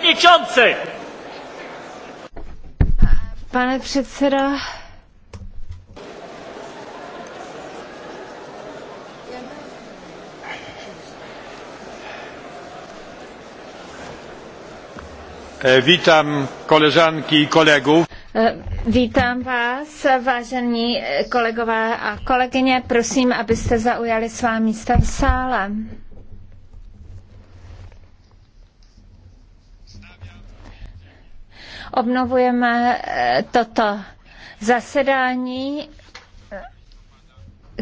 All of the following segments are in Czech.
przewodniczący! Pane předseda. E, Vítám koleżanki i kolegów. Vítám e, vás, vážení kolegové a kolegyně. Prosím, abyste zaujali svá místa v sále. Obnovujeme eh, toto zasedání eh,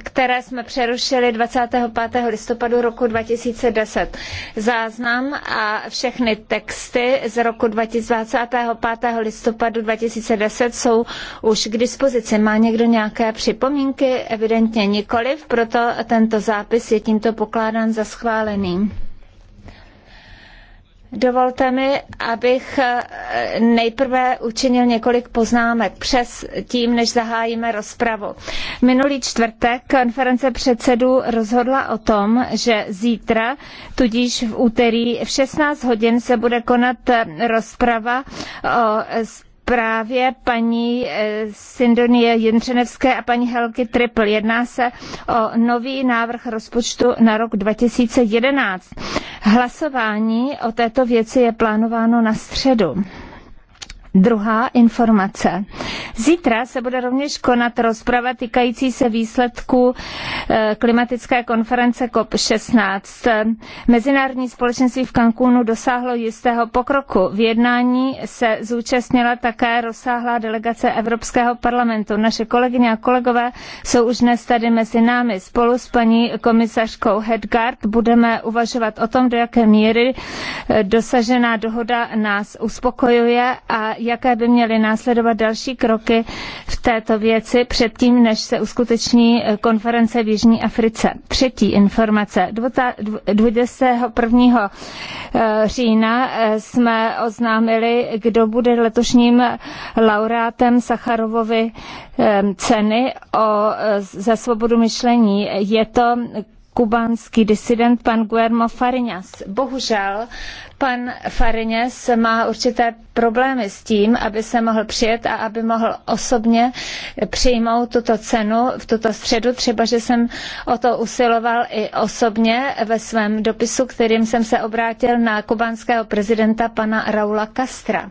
které jsme přerušili 25. listopadu roku 2010. Záznam a všechny texty z roku 25. listopadu 2010 jsou už k dispozici. Má někdo nějaké připomínky? Evidentně nikoliv, proto tento zápis je tímto pokládán za schválený. Dovolte mi, abych eh, nejprve učinil několik poznámek přes tím, než zahájíme rozpravu. Minulý čtvrtek konference předsedů rozhodla o tom, že zítra, tudíž v úterý v 16 hodin se bude konat eh, rozprava o právě paní eh, Sindonie Jindřenevské a paní Helky Triple. Jedná se o nový návrh rozpočtu na rok 2011. Hlasování o této věci je plánováno na středu. Druhá informace. Zítra se bude rovněž konat rozprava týkající se výsledků eh, klimatické konference COP16. Mezinárodní společenství v Cancúnu dosáhlo jistého pokroku. V jednání se zúčastnila také rozsáhlá delegace Evropského parlamentu. Naše kolegyně a kolegové jsou už dnes tady mezi námi. Spolu s paní komisařkou Hedgard budeme uvažovat o tom, do jaké míry eh, dosažená dohoda nás uspokojuje a jaké by měly následovat další kroky kroky v této věci předtím, než se uskuteční eh, konference v Jižní Africe. Třetí informace. 21. Eh, října eh, jsme oznámili, kdo bude letošním laureátem Sacharovovy ceny o, za svobodu myšlení. Je to kubánský disident pan Guillermo Fariñas. Bohužel pan Fariñas má určité problémy s tím, aby se mohl přijet a aby mohl osobně přijmout tuto cenu v tuto středu, třeba že jsem o to usiloval i osobně ve svém dopisu, kterým jsem se obrátil na kubánského prezidenta pana Raula Castra.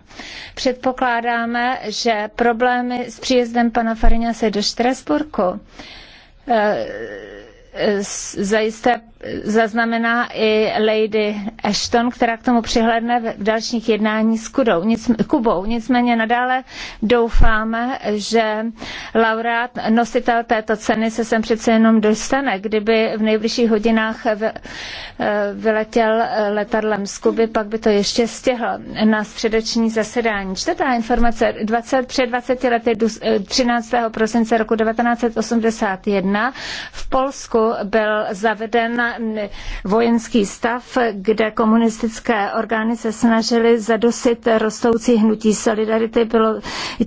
Předpokládáme, že problémy s příjezdem pana Fariňase do Štrasburku eh, zajisté zaznamená i Lady Ashton, která k tomu přihledne v dalších jednání s Kudou, nic, Kubou. Nicméně nadále doufáme, že laureát, nositel této ceny se sem přece jenom dostane. Kdyby v nejbližších hodinách eh, vyletěl eh, letadlem z Kuby, pak by to ještě stihl na středeční zasedání. Čtvrtá informace. 20, před 20 lety 13. Eh, prosince roku 1981 v Polsku byl zaveden mm, vojenský stav, kde komunistické orgány se snažily zadosit rostoucí hnutí solidarity. Bylo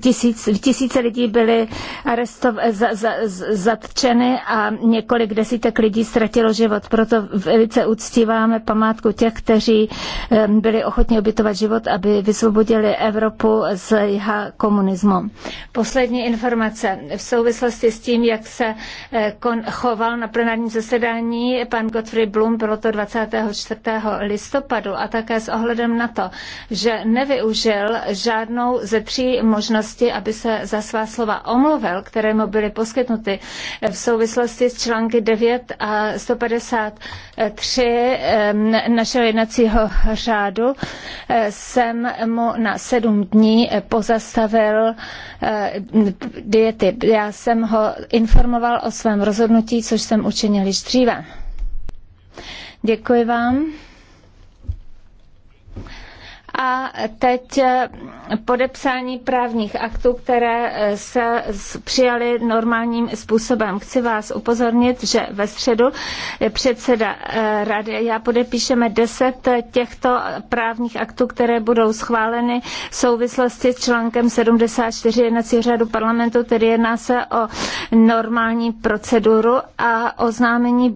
tisíc, tisíce lidí byly arestov, za, za, zatčeny a několik desítek lidí ztratilo život. Proto velice uctíváme památku těch, kteří byli ochotni obětovat život, aby vysvobodili Evropu z jha komunismu. Poslední informace v souvislosti s tím, jak se eh, kon, choval na plenárním zasedání pan Gottfried Blum, bylo to 24. listopadu listopadu a také s ohledem na to, že nevyužil žádnou ze tří možností, aby se za svá slova omluvil, které mu byly poskytnuty v souvislosti s články 9 a 153 našeho jednacího řádu, eh, jsem mu na sedm dní pozastavil eh, diety. Já jsem ho informoval o svém rozhodnutí, což jsem učinil již dříve. Děkuji vám a teď eh, podepsání právních aktů, které eh, se přijaly normálním způsobem. Chci vás upozornit, že ve středu předseda eh, rady já podepíšeme deset těchto právních aktů, které budou schváleny v souvislosti s článkem 74 jednacího řádu parlamentu, tedy jedná se o normální proceduru a oznámení